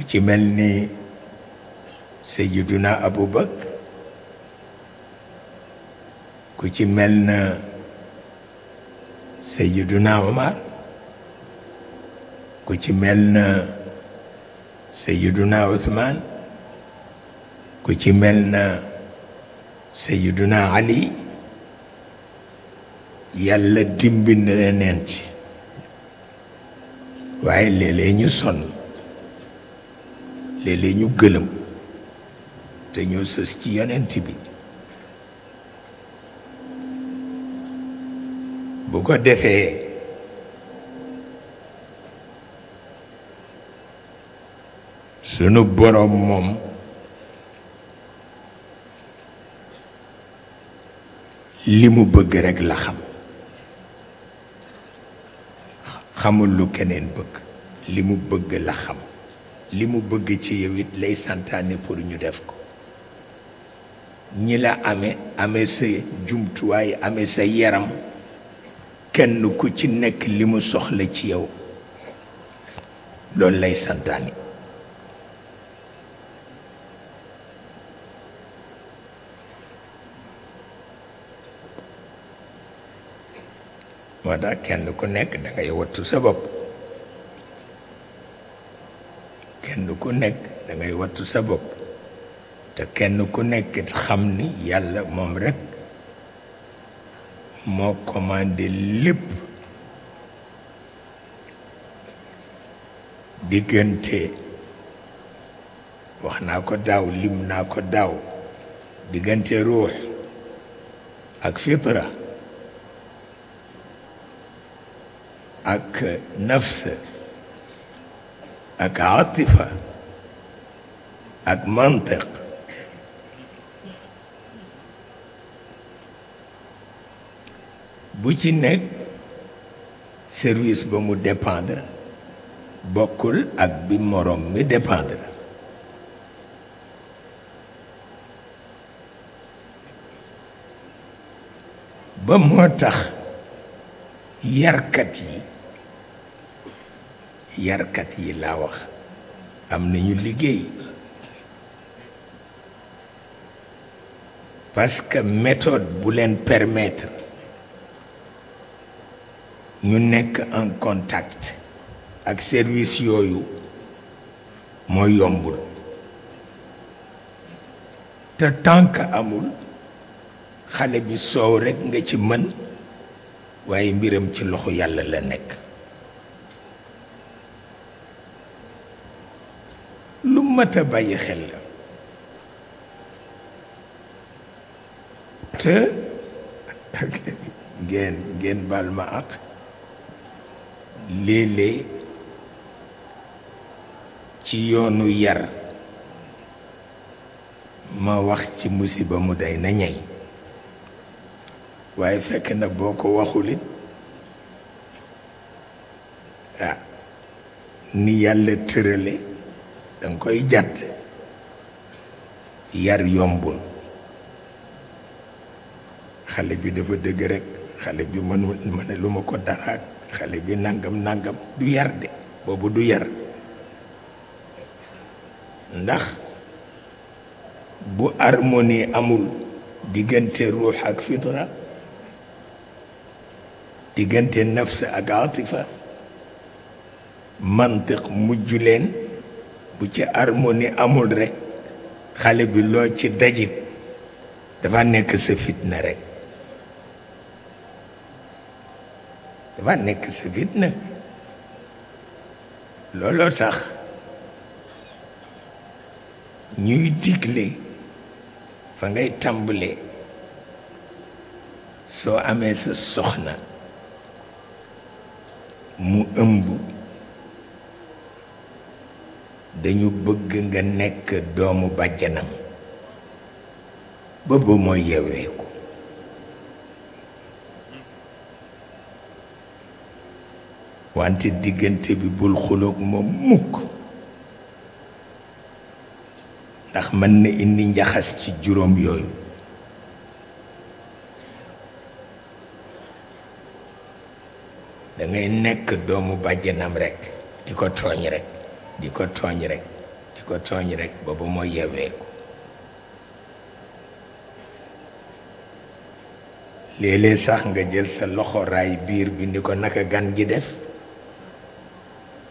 ku ci mel ni Sayyiduna Abubakar ku ci mel na Sayyiduna Omar ku ci mel na Sayyiduna Uthman ku ci mel na Sayyiduna Ali yàlla dimbi na leen waaye léeg-léeg léeg-léeg ñu gëlëm te ñoo sës ci yonent bi bu ko defee sunu boroom moom li mu bëgg rekk la xam xamul lu keneen bëgg li mu bëgg la xam li mu bëgg ci yow it lay santaane pour ñu def ko ñi la ame ame sa jumtuwaay ame sa yaram kenn ku ci nekk li mu soxla ci yow loolu lay santaane moo tax kenn ku nekk dangay ngay wattu sa bopp kenn ku nekk da ngay wattu sa bopp te kenn ku nekkit xam ni yàlla moom rekk moo commandé lépp diggante wax naa ko daaw lim naa ko daaw diggante ruux ak fitra ak nafs ak atifa ak mantiq bu ci nekk service ba mu dépendre bokkul ak bi morom mi dépendre ba moo tax yarkat yi yarkat yi laa wax am nañu liggéey parce que méthode bu leen permettre ñu nekk en contact ak service yooyu mooy yombul te tànk amul xale bi soow rekk nga ci mën waaye mbiram ci loxo yàlla la nekk mat a bàyyi xel la te ngeen ngeen baal ma ak léeg-léeg ci yoonu yar ma wax ci musiba mu day na ñey waaye fekk na boo ko waxulit ah ni yàlla tërale danga koy jàdd yar yombul xale bi dafa dëgg rek xale bi mënul mëne lu ma ko daraak xale bi nangam nangam du yar de boobu du yar ndax bu harmonie amul diggante ruux ak fitra diggante nafs ak atifa mantiq mujj leen bu ci harmonie amul rek xale bi loo ci dajit dafa nekk sa fitna rek dafa nekk sa fitna looloo tax ñuy digle fa ngay tàmbalee soo amee sa soxna mu ëmb dañu bëgg nga nekk doomu bàjjanam ba mooy yeweeku wante diggante bi bul xuloog moom mukk ndax mën na indi njaxas ci juróom yooyu dangay nekk doomu bàjjanam rekk di ko tooñ rekk di ko tooñ rekk di ko tooñ rek booba moo yeweeku léeg-léeg sax nga jël sa loxo raay biir bi ni ko naka gan gi def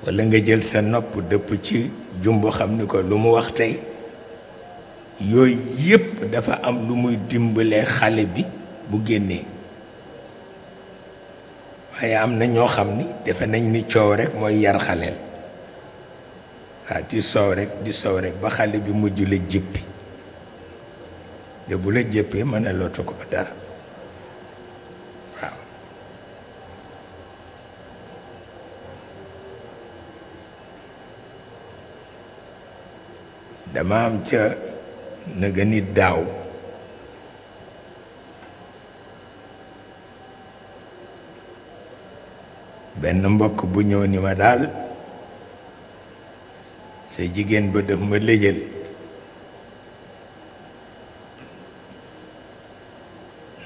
walla nga jël sa nopp dëpp ci jumbu xam ni ko lu mu wax tey yooyu yépp dafa am lu muy dimbale xale bi bu génnee waaye am na ñoo xam ni defe nañ ni coow rek mooy yar xaleel waaw ah, di soow rek di soow rek ba xale bi mujj la jëppi de bu la jëppee mën a lootu ko dara waaw dama am ca nëga ni daaw benn mbokk bu ñëw ni ma daal sa jigéen ba def ma lëjal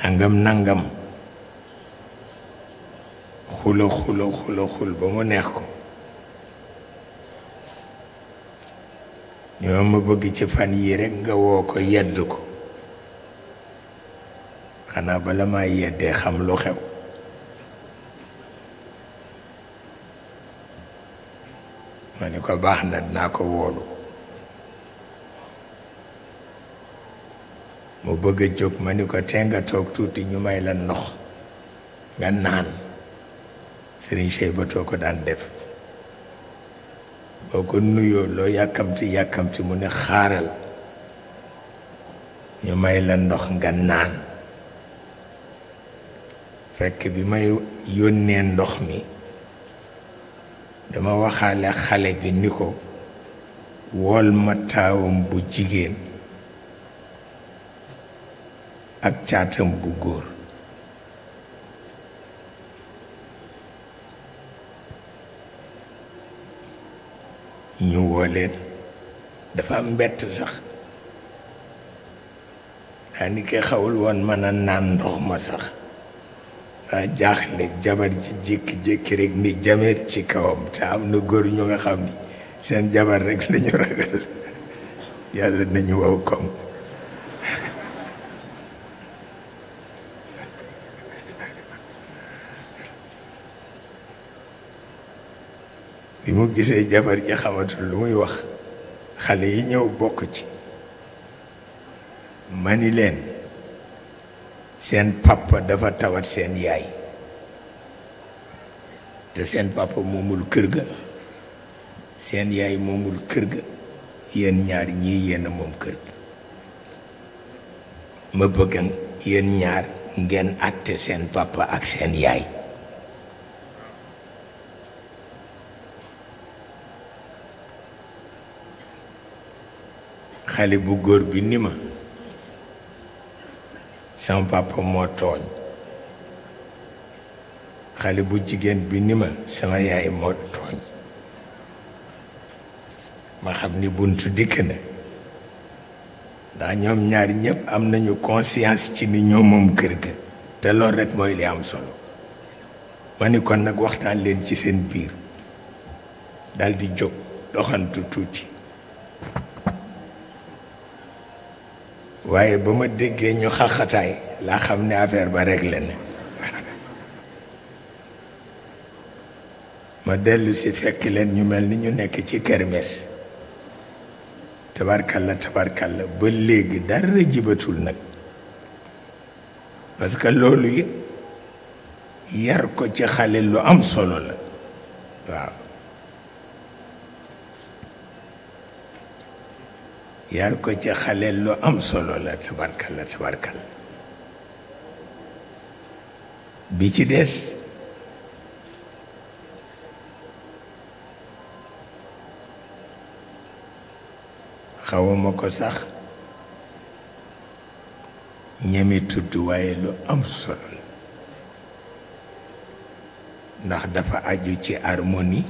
nangam nangam xula xula xula xul ba mu neex ko ñoo ma bëgg ci fan yii rekk nga woo ko yedd ko xanaa bala may yeddee xam lu xew ma ni ko baax na naa ko wóolu mu bëgg jóg ma ni ko tee nga toog tuuti ñu may la ndox nga naan sëriñ Seybatoo ko daan def boo ko nuyoo loo yàkkamti yàkkamti mu ne xaaral ñu may la ndox nga naan fekk bi may yónnee ndox mi dama waxale xale bi niko wol wool ma taawam bu jigen ak caatam bu góor ñu wolé dafa mbett sax ani ke xawul won mën nan ndox ma sax jaaxle jabar ji jékki-jékki rek ni jameet ci kawam te am na góor ñu nga xam ni seen jabar rekk lañu ragal yàlla ñu waw kom bi mu gisee jabar ji xamatu lu muy wax xale yi ñëw bokk ci mani leen seen papa dafa tawat seen yaay te seen papa moomul kër ga seen yaay moomul kër ga yenn ñaar ñii yéen moom kër ga ma bëgg yenn ñaar ngeen àtte seen papa ak seen yaay xale bu góor bi ni ma sama papa moo tooñ xale bu jigéen bi ni ma sama yaay moo tooñ ma xam ni buntu dikk na ndax ñoom ñaar ñëpp am nañu conscience ci ni ñoo moom kër gi te lool rek mooy li am solo ma ni kon nag waxtaan leen ci seen biir daldi jóg doxantu tuuti waaye ba ma déggee ñu xaxataay laa xam ne affaire ba réglé na ma dellusi fekk leen ñu mel ni ñu nekk ci kermesse tabarkalla tabarkalla ba léegi dara jibatul nag parce que loolu it yar ko ci xale lu am solo la waaw yar ko ci xale lu am solo la tabarkal la tabarkal bi ci des xawama ko sax ñeme tudd waaye lu am solo la ndax dafa aju ci harmonie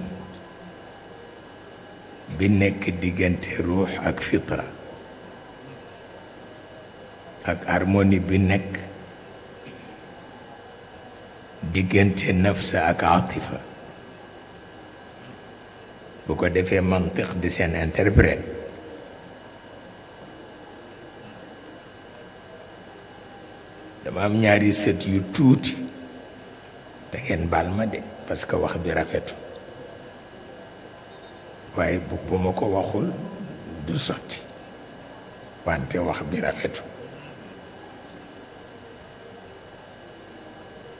بنك ديجنت روح اك فطرة اك ارموني بنك ديجنت نفس اك عاطفة بوكو دفي منطق دي سين انتربريت دما ام نياري سيت يو توتي تاكن بالما دي باسكو واخ بي رافيتو waaye bu bu ko waxul du sotti wante wax bi rafetu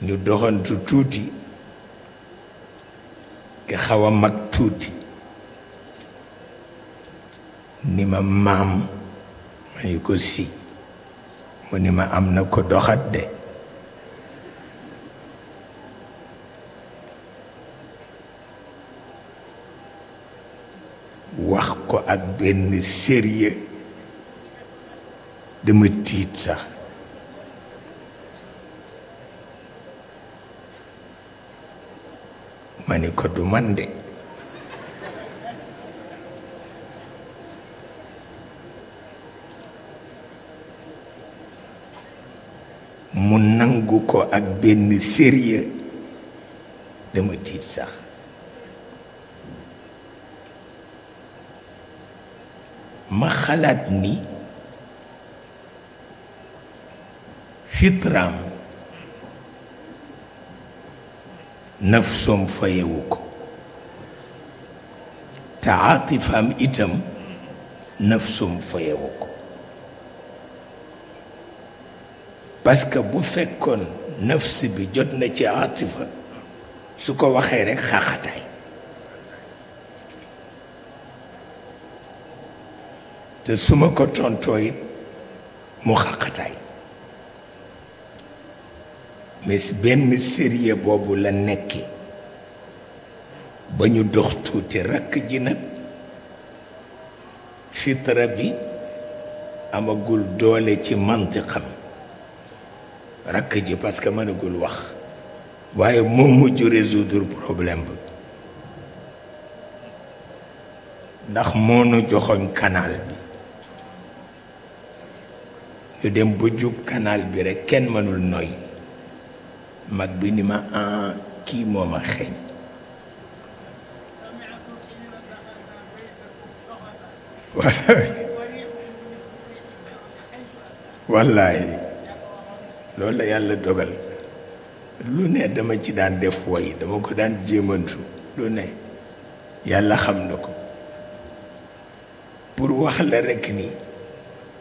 ñu doxantu tuuti ki xaw a mag tuuti ni ma maam ma ñu ko si mu ni ma am na ko doxat de wax ko ak benn sérieux dama tiit sax ma ni ko du man de mu nangu ko ak benn sérieux dama tiit sax ma xalaat ni fitraam nafsoom fayewu ko te aatifaam itam nafsoom fayewu ko parce que bu fekkoon nafs bi jot na ci aatifa su ko waxee rekk xaaxataay te su ma ko tontoo it mu xaqataay mais benn sérieux boobu la nekki ba ñu dox tuuti rakk ji nag fitra bi amagul doole ci mantiqam rakk ji parce que mënagul wax waaye moo mujj résoudre problème bi ndax moo nu joxoñ canal ñu dem ba jub canal bi rekk kenn mënul noy mag bi ni ma an ah, kii moo ma xeeñ wallaay loolu la yàlla dogal lu ne dama ci daan def woy dama ko daan jéemantu lu ne yàlla xam na ko pour wax la rekk nii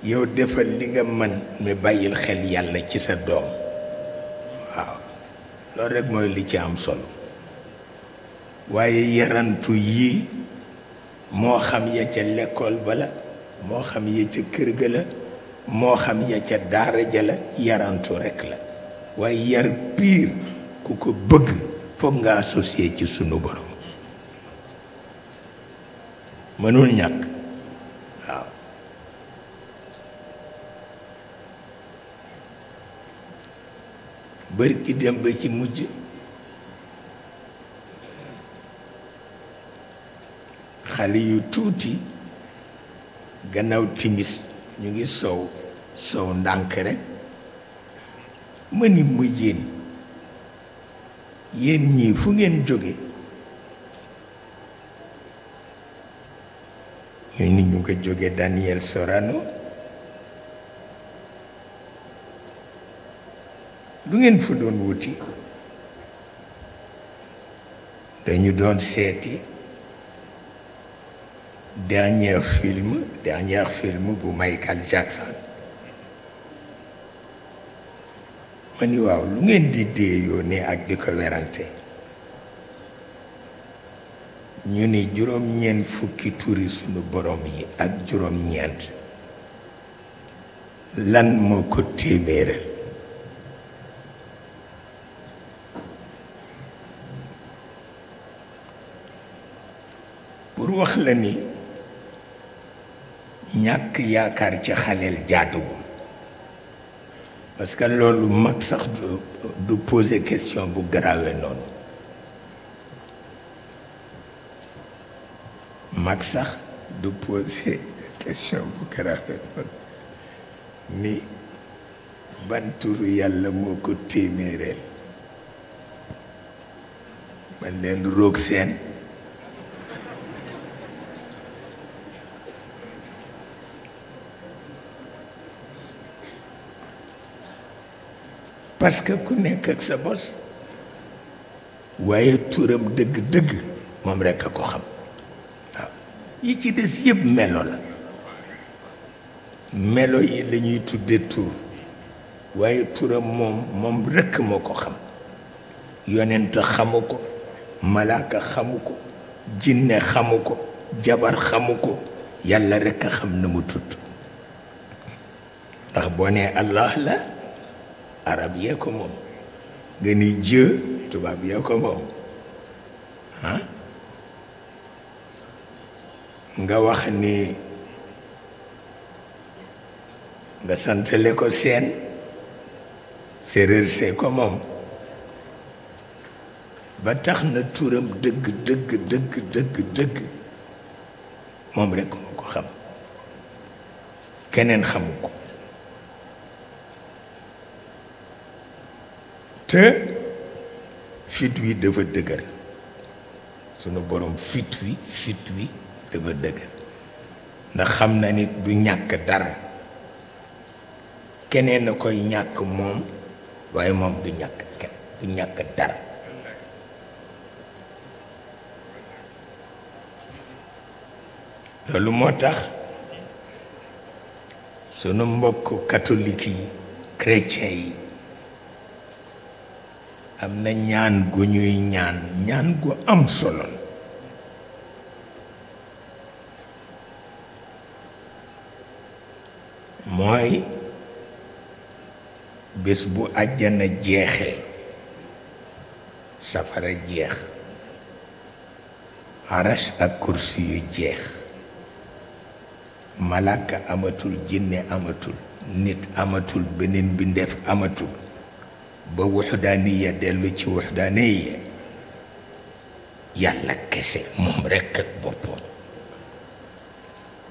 yow defal li nga mën mais bàyyil xel yàlla ci sa doom waaw loolu rekk mooy li ci am solo waaye yarantu yii moo xam ya ca lekkool ba la moo xam ya ca kër ga la moo xam ya ca daara ja la yarantu rekk la waaye yar piir ku ko bëgg foog nga associé ci sunu borom mënul ñàkk bari ki ba ci mujj xale yu tuuti gannaaw timis ñu ngi sow sow ndànk rek ma ni mu yéen yéen ñii fu ngeen jóge ñu ni ñu ko jóge Daniel Sorano lu ngeen fa doon wuti dañu doon seeti dernier film bu Michael Jackson ma ni waaw lu ngeen di déeyoo ne ak di ko werante ñu ni juróom-ñeent fukki turi sunu borom yi ak juróom-ñeent lan moo ko téeméeral wax la ni ñàkk yaakaar ci xaleel jaaduwul parce que loolu mag sax du poser question bu grave noonu mag sax du poser question bu grave noonu ni ban yàlla moo ko téeméereel man leen roog seen parce que ku nekk ak sa bos waaye turam dëgg-dëgg moom rekk a ko xam yi ci des yëpp melo la melo yi lañuy ñuy tudde tur waaye turam moom moom rekk moo ko xam yonent xamu ko malaaka xamu ko jinne xamu ko jabar xamu ko yàlla rekk a xam na mu tudd ndax boo nee allah la arab yee ko moom nga ni jë tubaab yee ko moom ah nga wax ni nga santale ko seen séeréer see ko moom ba tax na turam dëgg dëgg dëgg dëgg dëgg moom rekk moo ko xam keneen xamu ko te fit wi dafa dëgër sunu borom fit wi fit wi dafa dëgër ndax xam na nit bu ñàkk dara keneen a koy ñàkk moom waaye moom du ñàkk kenn du ñàkk dara loolu moo tax sunu mbokk catholique yi chrétien yi am na ñaan gu ñuy ñaan ñaan gu am solo mooy bés bu àjjana jeexee safara jeex arash ak kursi yu jeex malaaka amatul jinné amatul nit amatul beneen bi ndef amatul ba wuxdaaniya dellu ci wuxdaaniya yàlla kese moom rekk ak boppam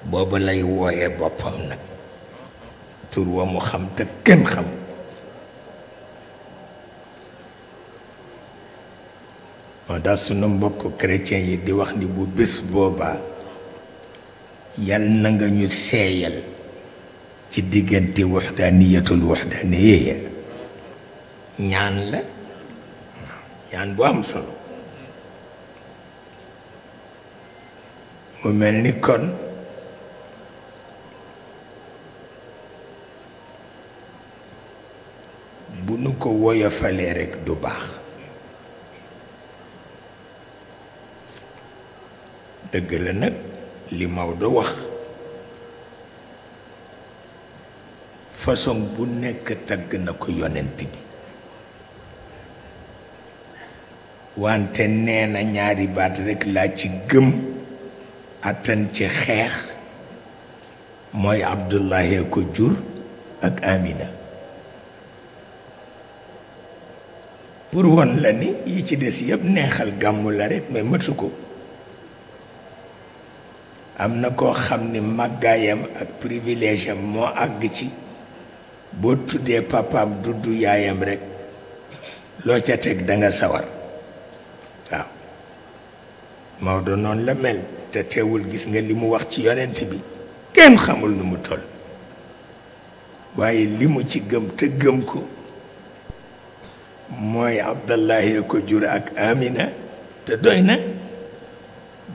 booba lay wooye boppam nag tur mu xam te kenn xam moo tax sunu mbokk chrétien yi di wax ni bu bés booba yal na nga ñu seeyal ci diggante waxdaaniyatul waxdaaniya ñaan la ñaan bu am solo mu mel ni kon bu nu ko woyofalee rekk du baax dëgg la nag li Maodo wax façon bu nekk tagg na ko yonent bi wante nee na ñaari baat rekk laa ci gëm attan ci xeex mooy Abdullahi ko jur ak Amina pour won la ni yi ci des yëpp neexal gàmmu la rekk mais mëtu ko am na koo xam ni màggaayam ak privilège am moo àgg ci boo tuddee papaam dudd yaayam rekk loo ca teg danga sawar waaw Maodo noonu la mel te teewul gis nga li mu wax ci yonent bi kenn xamul nu mu toll waaye li mu ci gëm te gëm ko mooy Abdallahi ko jur ak Amina te doy na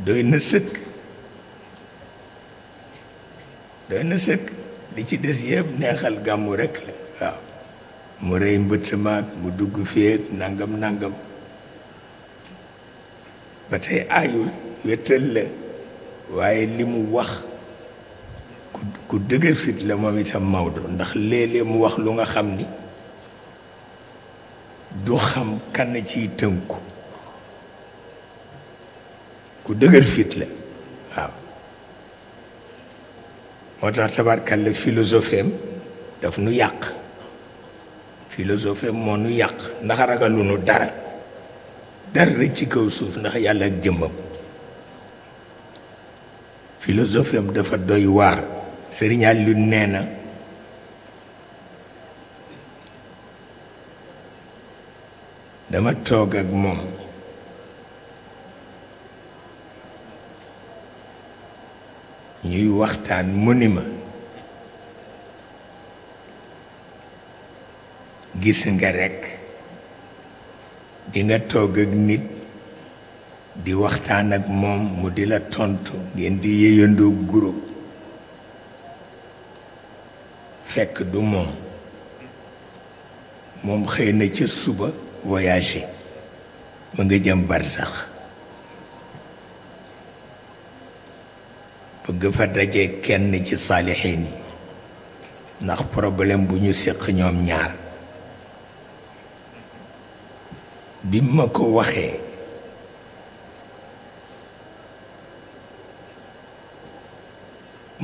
doy na sëkk doy na sëkk li ci des yëpp neexal gàmmu rekk la waaw mu rëy mbëtt maag mu dugg féeg nangam nangam ba tey aayul wéttal la waaye li mu wax ku ku dëgër fit la moom itam Maodo ndax léeg-léeg mu wax lu nga xam ni du xam kan ciy tënku ku dëgër fit la waaw moo tax tabarkalla philosophie am daf nu yàq philosophie am moo nu yàq ndax ragalu nu dara dara ci kaw suuf ndax yàlla ak jëmmam philosophie dafa doy waar Sëriñ Aliou nee na dama toog ak moom ñuy waxtaan mu ni gis nga rekk di toog ak nit di waxtaan ak moom mu di la tontu ngeen di yëyandoo guro fekk du moom moom xëy na ca suba voyagé mu nga jëm barsax bëgg fa daje kenn ci saalixiin yi ndax problème bu ñu séq ñoom ñaar bi ma ko waxee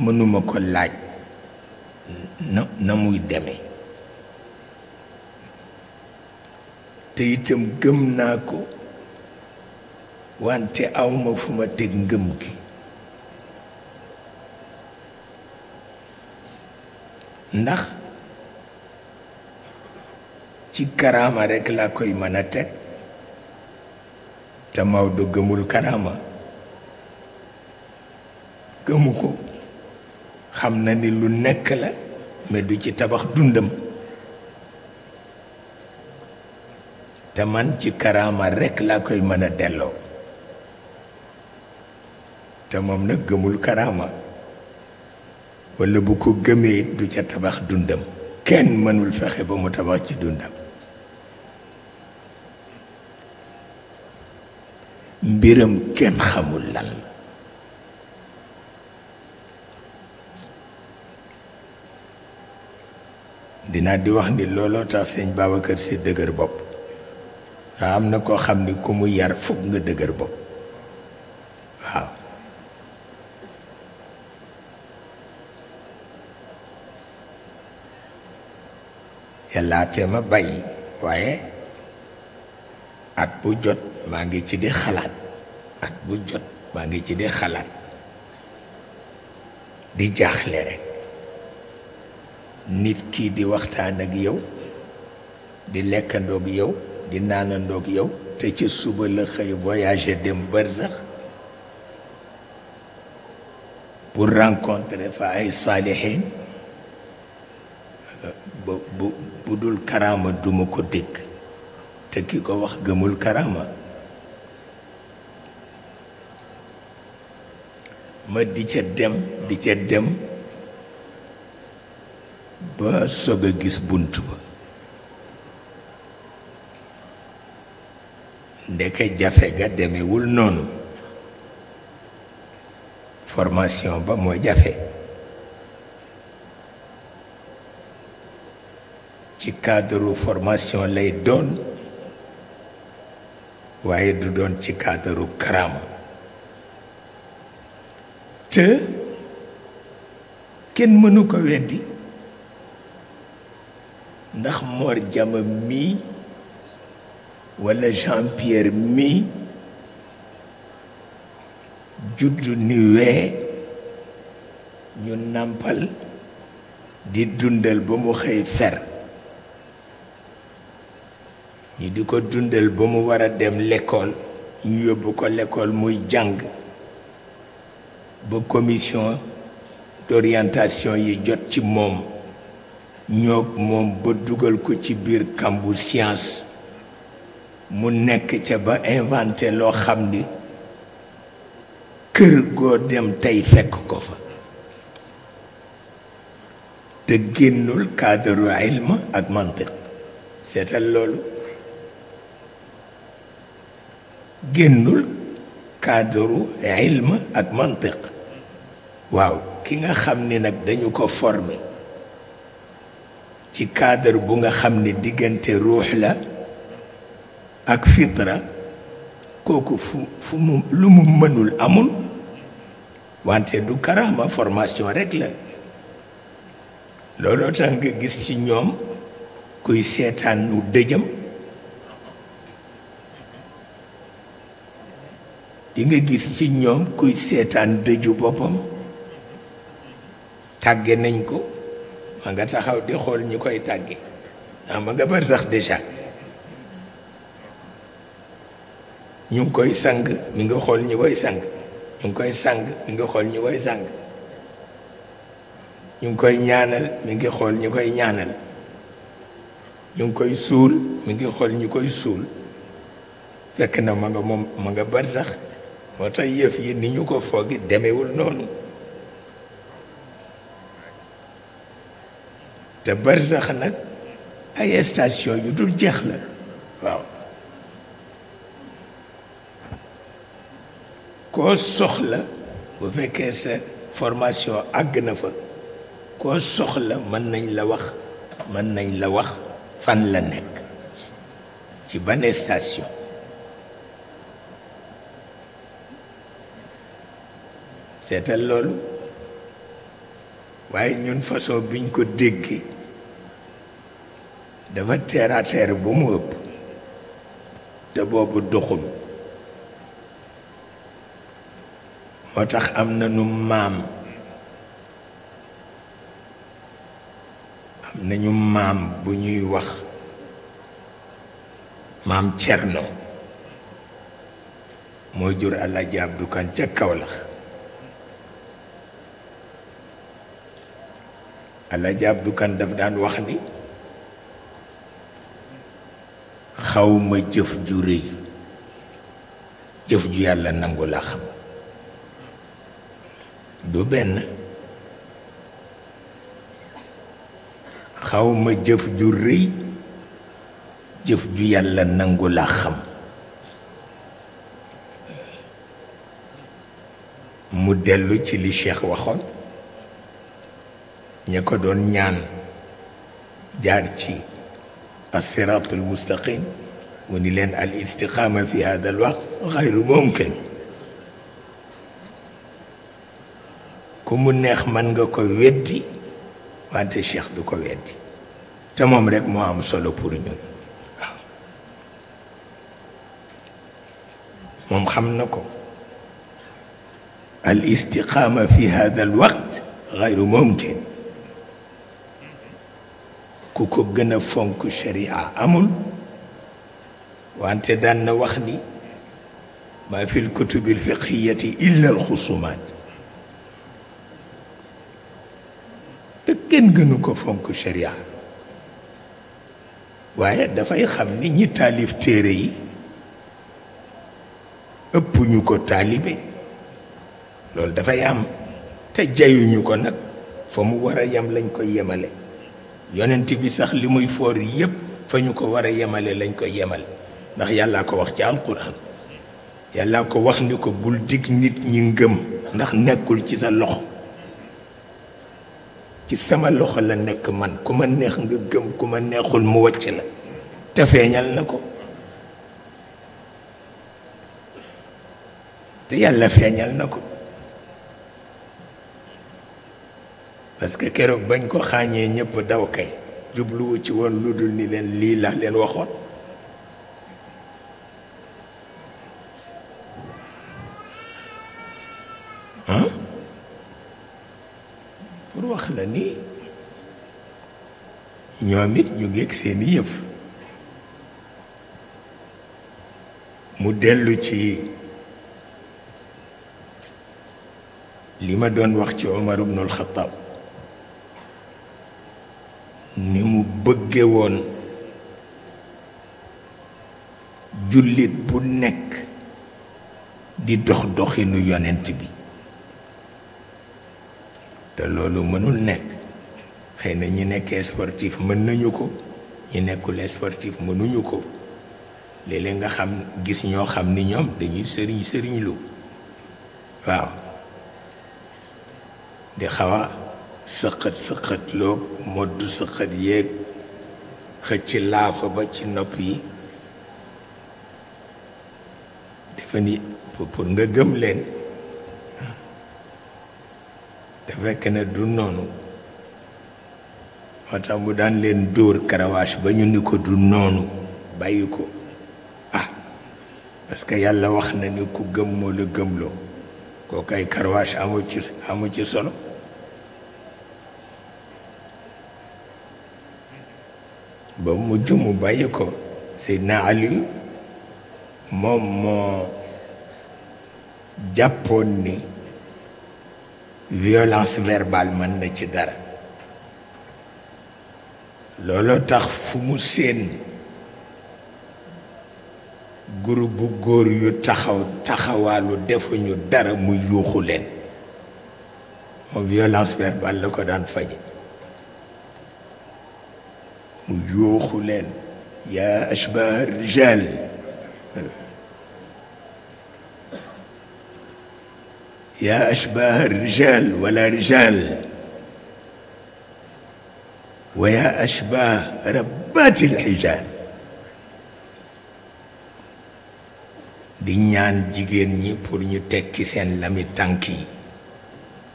mënuma ko laaj na na muy deme te itam gëm naa ko wante awma fu ma teg ngëm gi ndax ci karama rekk laa koy mëna a teg te Maodo gëmul karaama gëmu ko xam na ni lu nekk la mais du ci tabax dundam te man ci karaama rekk laa koy mën a delloo te moom na gëmul karaama walla bu ko gëmee du ca tabax dundam kenn mënul fexe ba mu tabax ci dundam mbiram kenn xamul lan dina di wax ni looloo tax sëñ Babacar si dëgër bopp ndax am na koo xam ni ku mu yar foog nga dëgër bopp waaw yàllaate ma bàyyi waaye at bu jot maa ngi ci di xalaat at bu jot maa ngi ci di xalaat di jaaxle rek nit kii di waxtaan ak yow di lekkandoog yow di naanandoog yow te ci suba la xëy voyager dem barsax pour rencontrer fa ay saalixiin bu bu bu dul karaama duma ko dégg te ki ko wax gëmul karaama ma di ca dem di ca dem ba sog a gis bunt ba ndeke jafe nga demewul noonu formation ba moo jafe ci cadre formation lay doon waaye du doon ci kaadaru karaam te kenn mënu ko weddi ndax Mor Diama mii walla Jean Pierre mii judd ni wee ñu nàmpal di dundal ba mu xëy fer ñu di ko dundal ba mu war dem lekkool ñu yóbbu ko lekkool muy jàng ba commission d'orientation yi jot ci mom ñok mom ba duggal ko ci bir kambu science mu nekk ci ba inventé lo xamni kër go dem tay fekk ko fa te génnul cadre ilma ak mantiq seetal lolu génnul cadre ilma ak mantiq waaw ki nga xam ni nag dañu ko former ci kaadar bu nga xam ni diggante ruux la ak fitra kooku fu fu mu lu mu mënul amul wante du karaama formation rekk la looloo tax nga gis ci ñoom kuy seetaan nu dëjëm di nga gis ci ñoom kuy seetaan dëju boppam tàgge nañ ko ma nga taxaw di xool ñu koy tàgge ah ma nga bër sax déjà ñu ngi koy sang mi nga xool ñu koy sang ñu ngi koy sang mi nga xool ñu koy sang ñu ngi koy ñaanal mi ngi xool ñi koy ñaanal ñu ngi koy suul mi ngi xool ñi koy suul fekk na ma nga moom ma nga bar sax moo tax yëf yi ni ñu ko foogi demewul noonu te barsax nag ay station yu dul jeex la waaw koo soxla bu fekkee sa formation àgg na fa koo soxla mën nañ la wax mën nañ la wax fan la nekk ci ban station seetal loolu waaye ñun façon biñ ko déggee dafa terre bu mu ëpp te boobu doxul moo tax am na nu maam am nañu maam bu ñuy wax maam Cerno mooy jur Alaaji Abdu Kan ca Kawlax Alaaji Abdu Kan daf daan wax ni xawma jëf ju rëy jëf ju yàlla nangu la xam benn xawma jëf ju jëf ju yàlla nangu la mu dellu ci li cheikh waxoon ña ko doon ñaan jaar ci asiraatul mustaqim ولان الاستقامه في هذا الوقت غير ممكن كم نيخ مان nga ko weddi wante cheikh du ko weddi te mom rek mo am solo pour ñun mom xam nako الاستقامه في هذا الوقت غير ممكن كوكو غنا فونك شريعه امول وانت دان وخني ما في الكتب الفقهية إلا الخصومات تكين جنو كفونك شريعة وهي دفع خمني ني تاليف تيري أبو نيكو تاليبي لول دفع يام تجايو نيكو نك فمو ورا يام لن يمالي يونن تبي لمو يفور يب فنيكو ورا يمالي لن يمالي ndax yàllaa ko wax ci alquran yàllaa ko wax ni ko bul dig nit ñi ngëm ndax nekkul ci sa loxo ci sama loxo la nekk man ku ma neex nga gëm ku ma neexul mu wàcc la te feeñal na ko te yàlla feeñal na ko parce que keroog bañ ko xàññee ñépp daw kay jubluwu ci woon lu dul ni leen lii laa leen waxoon pour wax la ni ñoom it ñu ngeeg seeni yëf mu dellu ci li ma doon wax ci Omar ibnul Xataab ni mu bëgge woon jullit bu nekk di dox doxinu yonent bi te loolu mënul nekk xëy na ñi nekkee sportif mën nañu ko ñi nekkul sportif mënuñu ko léeg-léeg nga xam gis ñoo xam ni ñoom dañuy sëriñ sëriñu lu waaw di xaw a sëqët sëqët loo modd sëqat yéeg xëcc laafa ba ci nopp yi dafa ni pour nga gëm leen te fekk ne du noonu moo tax mu daan leen dóor karawaas ba ñu ni ko du noonu bàyyi ko ah parce que yàlla wax na ni ku gëm moo la gëmloo kooku ay karawaas amu ci ci solo ba mujj mu bàyyi ko Seydina Aliyu moom moo jàppoon ni violence verbale mën na ci dara looloo tax fu mu seen groupe bu góor yu taxaw taxawaalu defuñu dara mu yuuxu leen moom violence verbale la ko daan faje mu yuuxu leen yaa ashbah rijal yaa ashbaha rijaal wala rijaal wa yaa ashbaha rabbaati lxijaal di ñaan jigéen ñi pour ñu tekki seen lamit tànk yi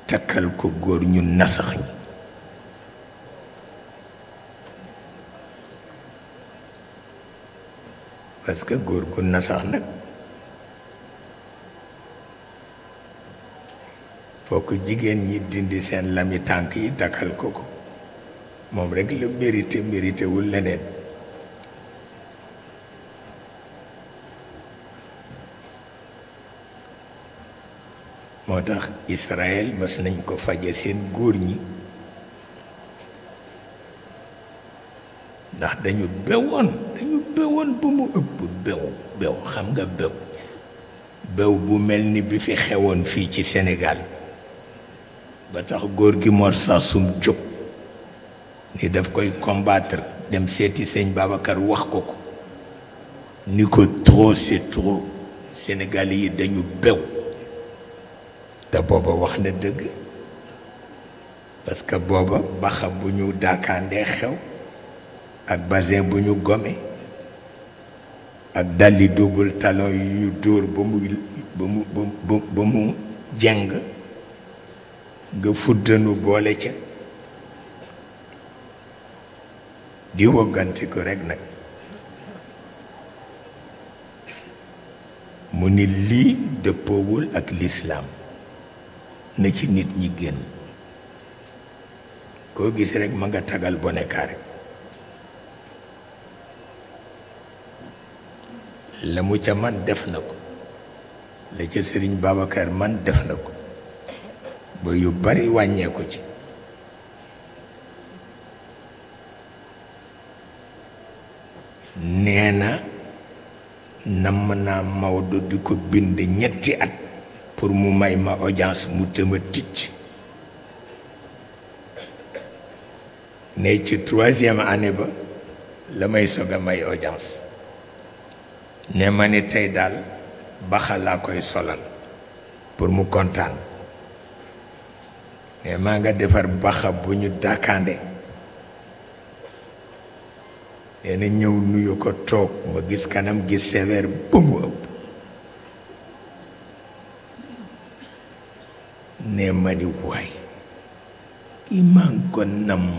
takkal ko góor ñu nasax ñi parce que góor gu nasax nag fokk jigéen ñi dindi seen lami tànk yi takkal ko ko moom rekk la mérite mérite wul leneen moo tax Israël mës nañ koo faje seen góor ñi ndax dañu bewoon dañu bewoon bu mu ëpp bew bew xam nga bew bew bu mel ni bi fi xewoon fii ci Sénégal ba tax góor gi Mor Sassoum Diop ni daf koy combattre dem seeti sëñ Babacar wax ko ko ni ko trop c'est trop Sénégal yi dañu bew te booba wax na dëgg parce que booba baxa bu ñu daakaandee xew ak basin bu ñu gome ak dalli double talon yu dóor ba mu ba mu ba mu jeng nga fuddanu boole ca di wogganti ko rekk nag mu ni lii dëppoowul ak lislaam na ci nit ñi génn koo gis rekk ma nga tagal bonekaare la mu ca man def na ko la ca sëriñ Babacar man def na ko ba yu bari wàññeeku ci nee na namm naa Maodo di ko bind ñetti at pour mu may ma audience mu tëma ticc ne ci troisième année ba la may soog a may audience ne ma ni tey daal baxa laa koy solal pour mu kontaan maa nga defar baxa bu ñu dàkkaande nee na ñëw nuyu ko toog ma gis kanam gi sévère ba mu ëpp ne ma di waay kii maa ngi ko namm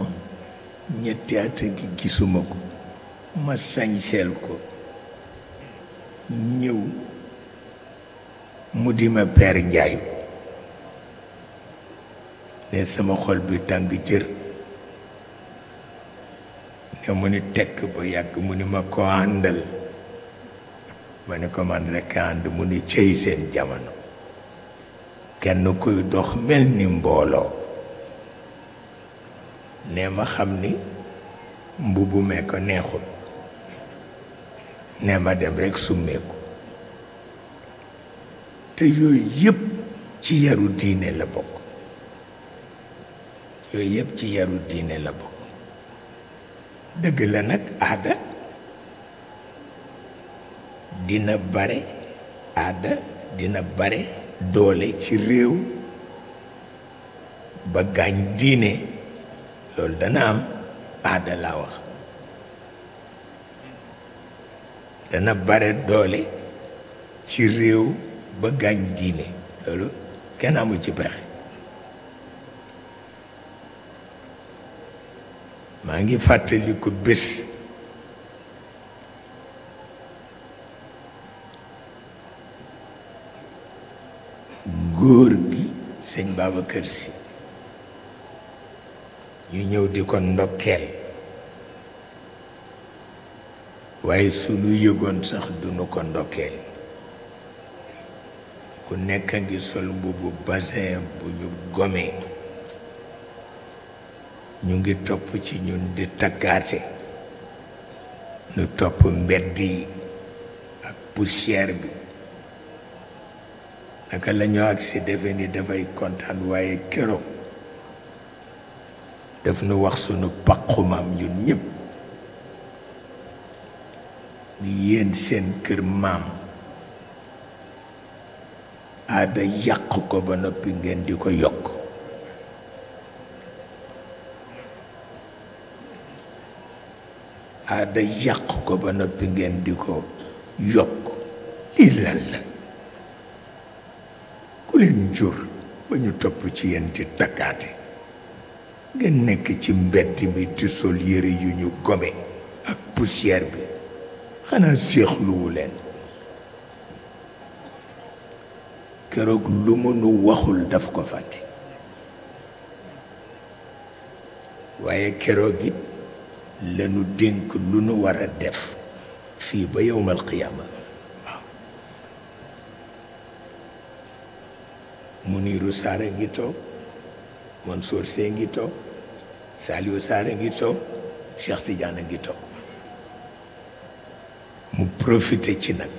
ñetti at gi gisuma ko ma sañseel ko ñëw mu di ma peer njaayu ne sama xol bi tàng jër ne mu ni tekk ba yàgg mu ni ma ko àndal ma ni ko man rekk ànd mu ni cëy seen jamono kenn kuy dox mel ni mbooloo ne ma xam ni mbubu mee ko neexul ne ma dem rekk summeeku te yooyu yëpp ci yaru diine la bokk yooyu yëpp ci yaru diine la bokk dëgg la nag aada dina bare aada dina bare doole ci réew ba gaañ diine loolu dana am aada laa wax dana bare doole ci réew ba gaañ diine loolu kenn amul ci pexe maa ngi fàttaliku bés góor gi sëñ kër si ñu ñëw di ko ndokkeel waaye sunu yëgoon sax duñu ko ndokkeel ku nekk a ngi sol mbubu basin bu ñu gomee ñu ngi topp ci ñun di taggaate ñu topp mbedd yi ak poussière bi naka la ñoo agsi defe ni dafay kontaan waaye keroog daf nu wax sunu pàqumaam ñun ñëpp ni yéen seen kër maam aada yàq ko ba noppi ngeen di ko yokk aada yàq ko ba noppi ngeen di ko yokk lii lan la ku leen jur ba ñu topp ci yéen di takkaate ngeen nekk ci mbedd mi di sol yëre yu ñu gome ak poussière bi xanaa séexluwu leen keroog lu mënu waxul daf ko fàtte waaye keroog it lanu dénk lu nu war a def fii ba yowmal qiyaama Muniru Saar a ngi toog Mansour Sy ngi toog Saliou Saar a ngi toog Cheikh Tidiane a ngi toog mu profité ci nag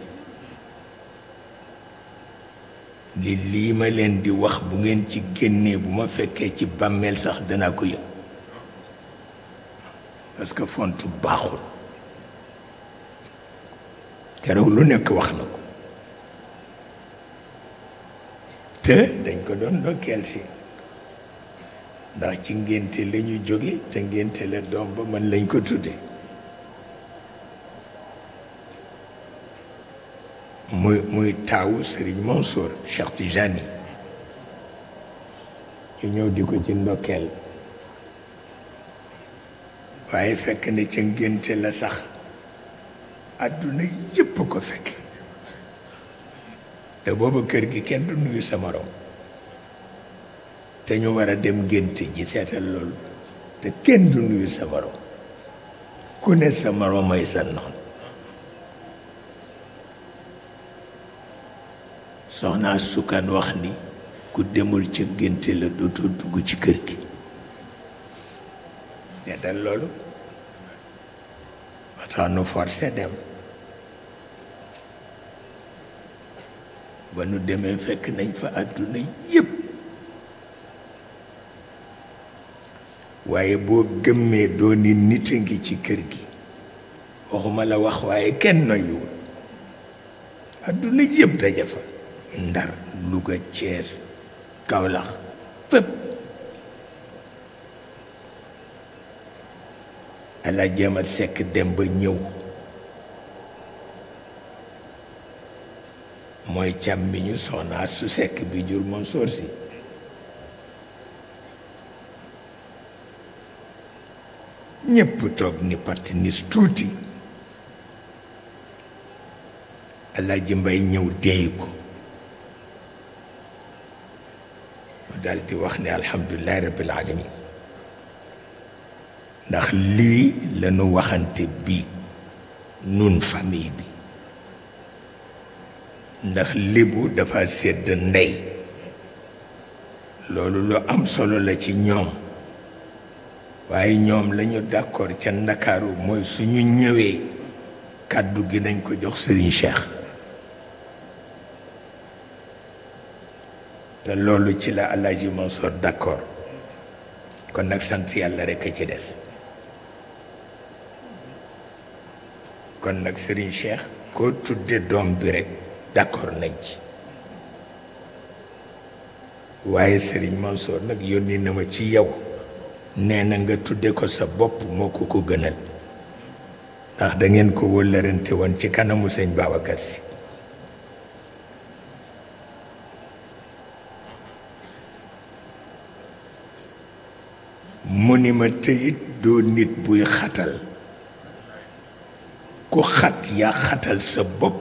li lii ma leen di wax bu ngeen ci génnee bu ma fekkee ci bàmmeel sax danaa ko yëg parce que font baaxul keroog lu nekk wax na ko te dañ ko doon ndokkeel si ndax ci ngénte la jóge te ngénte la doom ba mën lañ ko tudde muy muy taawu Sëriñ Mansour Cheikh Tijani ñu ñëw di ko ci ndokkeel waaye fekk na ca ngénte la sax àdduna yépp ko fekk te boobu kër gi kenn du nuyu sa morom te ñu war a dem ngénte ji seetal loolu te kenn du nuyu sa morom ku ne sa morom ay sa noon soxnaa sukkan wax ni ku demul ca ngénte la dootoo dugg ci kër gi ñetteel loolu moo tax nu forcé dem ba nu demee fekk nañ fa àdduna yépp waaye boo gëmmee doo ni nit a ngi ci kër gi waxuma la wax waaye kenn noyuwul àdduna yépp daje ndar luga Thiès Kaolack fépp ala jéemal sekk dem ba ñëw mooy cam mi ñu soxnaa su sekk bi jur moom sóor si ñépp toog ni parti nis tuuti alaaji mbay ñëw déey ko mu daldi wax ne alhamdulillahi rabbil alamin ndax lii lanu waxante bii nun famille bi ndax lébu dafa sedd ndey loolu lu am solo la ci ñoom waaye ñoom lañu d'accord ca ndakaaru mooy suñu ñëwee kàddu gi dañ ko jox Serigne Cheikh te loolu ci la Alaaji Mansour d'accord kon nag sant yàlla rekk a ci des kon nag Serigne Cheikh koo tudde doom bi rek d'accord nañ ci waaye sëriñ Mansour nag yónni na ma ci yow nee na nga tudde ko sa bopp moo ko ko gënal ndax da ngeen ko wëllërante woon ci kanamu sëñ Babacar si mu ni ma tëyit doo nit buy xatal ku xat yaa xatal sa bopp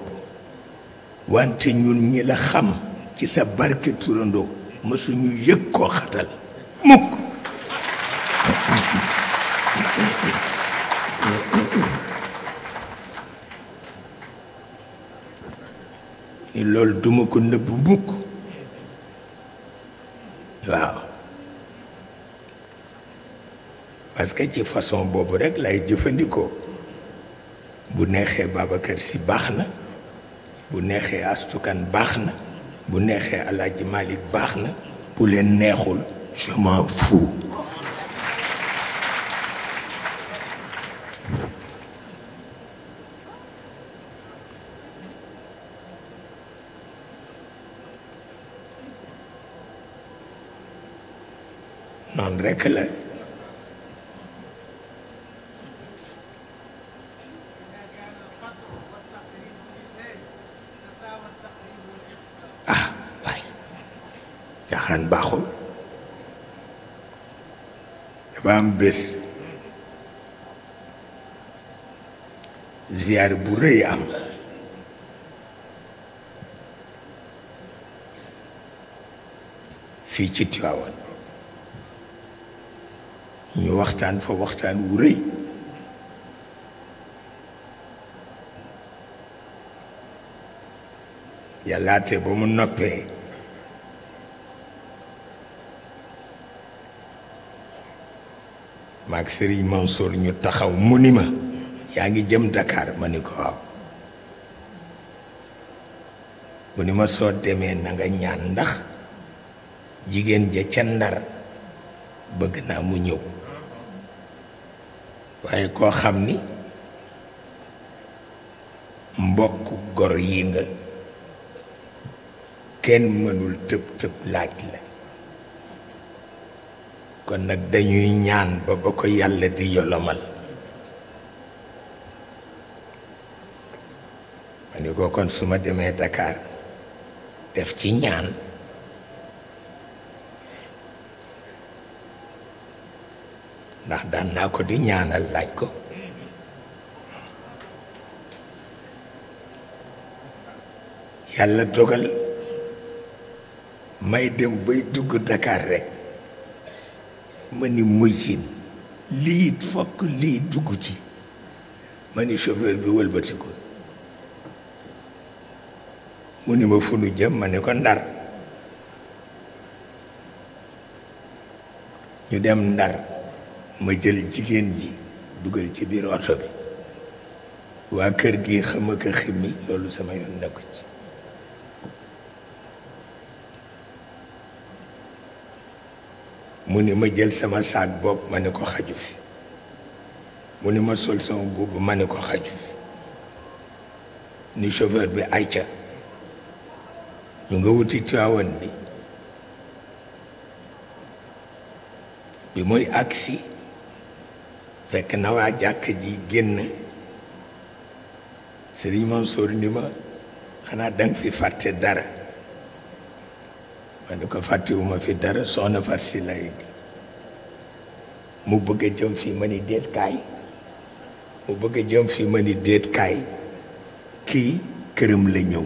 wante ñun ñi la xam ci sa barke turandoo mësuñu yëg koo xatal mukk ni loolu duma ko nëbb mukk waaw parce que ci façon boobu rekk lay jëfandikoo bu nexé Babacar si baax Astukan bu nexé Astou Kane bu nexé malik bu je m'en fous la baaxul dafa am bés ziar bu rëy am fii ci Tiwaawan ñu waxtaan fa waxtaan wu rëy yàllaate ba mu noppee maag Serigne Mansour ñu taxaw mu ni ma yaa ngi jëm Dakar ma ni ko waaw mu ni ma soo demee na ñaan ndax jigéen ja ca ndar bëgg naa mu ñëw waaye koo xam ni mbokk gor yi kenn mënul tëb tëb laaj la kon nag dañuy ñaan ba ba ko yàlla di yolomal ma ni ko kon su ma demee dakaar def ci ñaan ndax daan naa ko di ñaanal laaj ko yàlla dogal may dem bay dugg Dakar rekk ma ni mujjin lii fokk lii dugg ci ma ni chauffeur bi wëlbati ko mu ni ma fu jëm ma ni ko ndar ñu dem ndar ma jël jigéen ji dugal ci biir oto bi waa kër gi xama ko ximmi loolu sama yoon nekku ci mu ni ma jël sama saat bopp ma ni ko xaju fi mu ni ma sol sama mbubb ma ni ko xaju fi ni chauffeur bi ayca ñu nga wuti Tiwaawan bi bi muy agsi fekk nawaa waa ji génn Sëriñ Mansour ni ma xanaa danga fi fàtte dara ma ne ko fàttewuma fi dara soxna far si la mu bëgg a jëm fii ma ni déet mu bëgg a jëm fii ma ni déet kaay kii këram la ñëw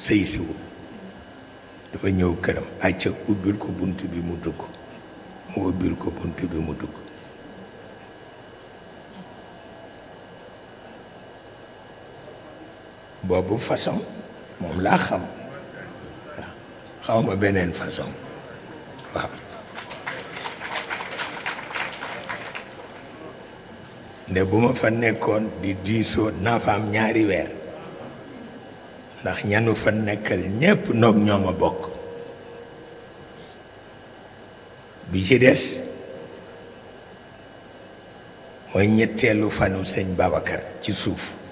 sëy siwu dafa ñëw këram acca ubbil ko bunt bi mu dugg mu ubbil ko bunt bi mu dugg boobu façon moom laa xam xawma beneen façon waaw bu ma fa nekkoon di diisoo naa fa am ñaari weer ndax ñanu fa nekkal ñépp noog ñoo ma bokk bi ci des mooy ñetteelu fanu sëñ Babacar ci suuf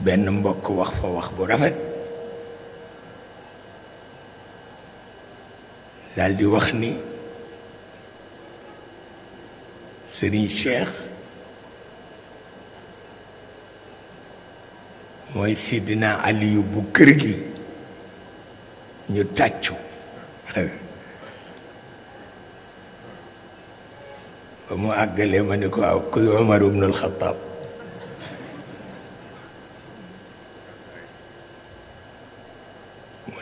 ben mbokk wax fa wax bu rafet dal di wax ni Serigne Cheikh moy Sidina ali bu keur gi ñu tàccu ba mu àggalee ma ni ko aw kuy Umar ibnul Xattaab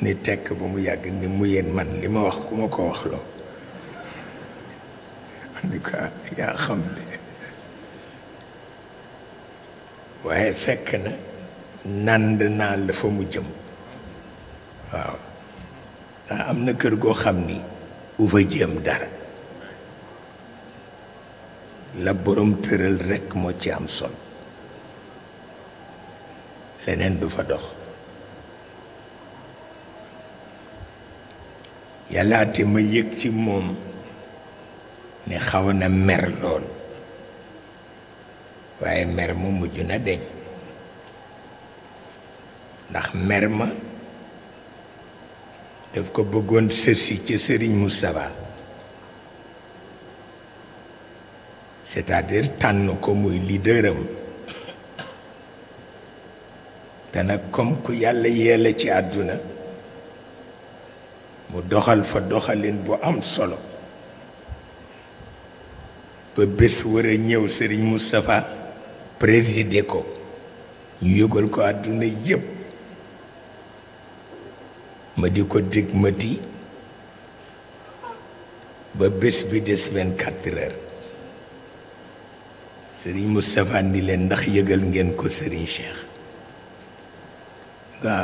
mu ni tekk ba mu yàgg ni mu yéen man li ma wax ku ma ko waxloo loo yaa xam ne waaye fekk na nànd naa la fa mu jëm waaw ndax am na kër goo xam ni bu fa jëm dara la borom tëral rekk moo ci am sol leneen du fa dox yàllaate ma yëg ci moom ne xaw na mer lool waaye mer ma mujj na deñ ndax mer ma def ko bëggoon sësi ca sëriñ Moustapha c'est-à-dire tànn ko muy leaderam te nag comme ku yàlla yeela ci àdduna mu doxal fa doxalin bu am solo ba bés war a ñëw sëriñ Moustapha présidé ko ñu yëgal ko àdduna yépp ma di ko dég ba bés bi des vingt-quatre heures sëriñ Moustapha ni leen ndax yëgal ngeen ko sëriñ Cheikh nga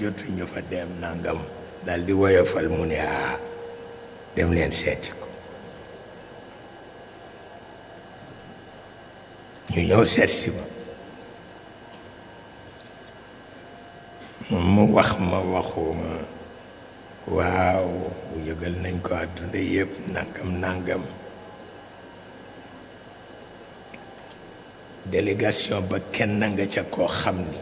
jotuñu fa dem nangam daal di woyofal mu ne ah dem leen seeti ko ñu ñëw seet si ma mu wax ma waxuma waaw yëgal nañ ko àdduna yëpp nangam nangam délégation ba kenn nga ca koo xam ni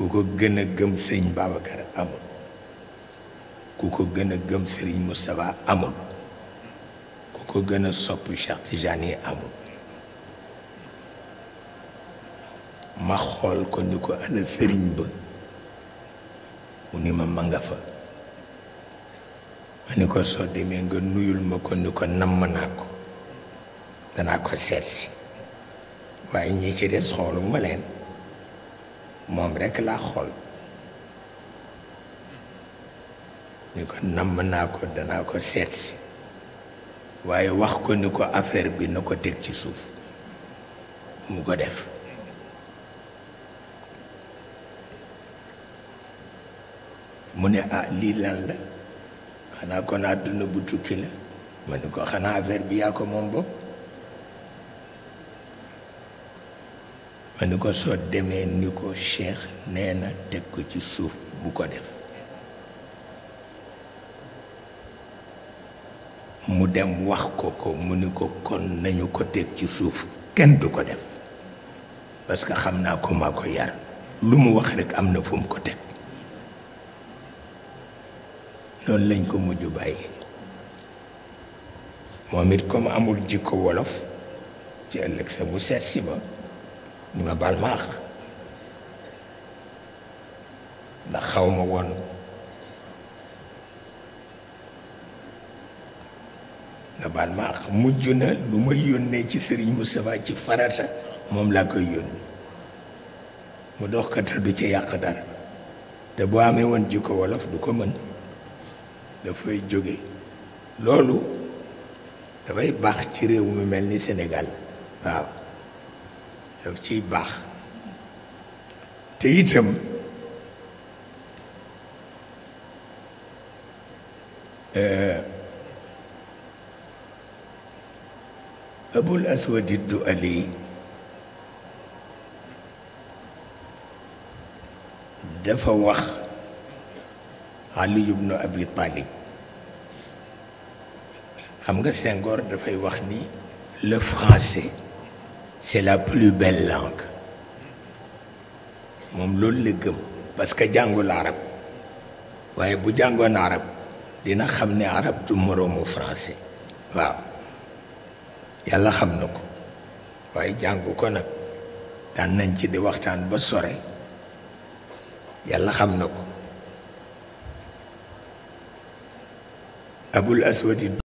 ku ko gën a gëm sëriñ Babacar amul ku ko gën a gëm sëriñ Moustapha amul ku ko gën a sopp Cheikh Tijani amul ma xool ko ni ko ana sëriñ ba mu ni ma ma nga fa ma ni ko soo demee nga nuyul ma ko ni ko namm naa ko danaa ko seetsi waaye ñi ci des xooluma leen moom rekk laa xool ni ko namm naa ko dana ko seet si waaye wax ko ni ko affaire bi na ko teg ci suuf mu ko def mu ne ah lii lan la xanaa kon àdduna bu tukki la ma ni ko xanaa affaire bi yaa ko moom bopp ma ni ko soo demee ni ko cheikh nee na teg ko ci suuf bu ko def mu dem wax ko ko mu ni ko kon nañu ko teg ci suuf kenn du ko def parce que xam naa ko maa ko yar lu mu wax rekk am na fu mu ko teg noonu lañ ko mujj bàyyi moom it comme amul jikko wolof ci ëllëg sa mu seet si ba ni ma baal ndax xaw ma woon nga baal maax mujj na lu ma yónnee ci Serigne Moustapha ci farata moom laa koy yónni mu dox ko te du ca yàq dara te boo amee woon jikko wolof du ko mën dafay jóge loolu dafay baax ci réew mi mel ni Sénégal waaw اه. أبو الأسود الدؤلي دفى وخ علي بن أبي طالب خمغة سنغور دفى وخني لفرانسي c'est la plus belle langue moom loolu la gëm parce que jàngul arab waaye bu jàngoon arab dina xam ni arab du moroomu français waaw yàlla xam na ko waaye jàngu ko nag daan nañ ci di waxtaan ba sore yàlla xam na ko abul aswadi